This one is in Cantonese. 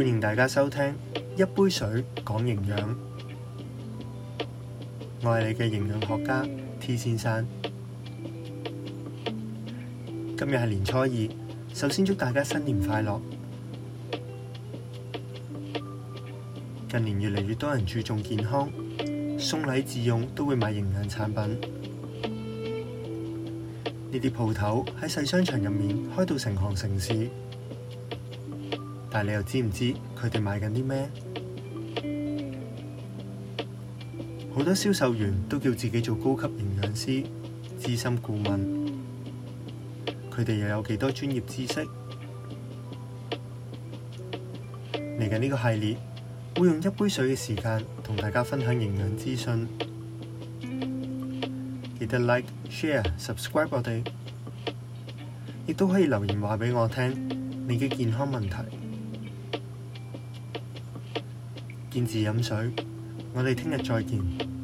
歡迎大家收聽《一杯水講營養》，我係你嘅營養學家 T 先生。今日係年初二，首先祝大家新年快樂。近年越嚟越多人注重健康，送禮自用都會買營養產品。呢啲鋪頭喺細商場入面開到成行成市。但你又知唔知佢哋賣緊啲咩？好多銷售員都叫自己做高級營養師、資深顧問。佢哋又有幾多專業知識？嚟緊呢個系列會用一杯水嘅時間同大家分享營養資訊。記得 like、share、subscribe 我哋，亦都可以留言話俾我聽你嘅健康問題。見字飲水，我哋聽日再見。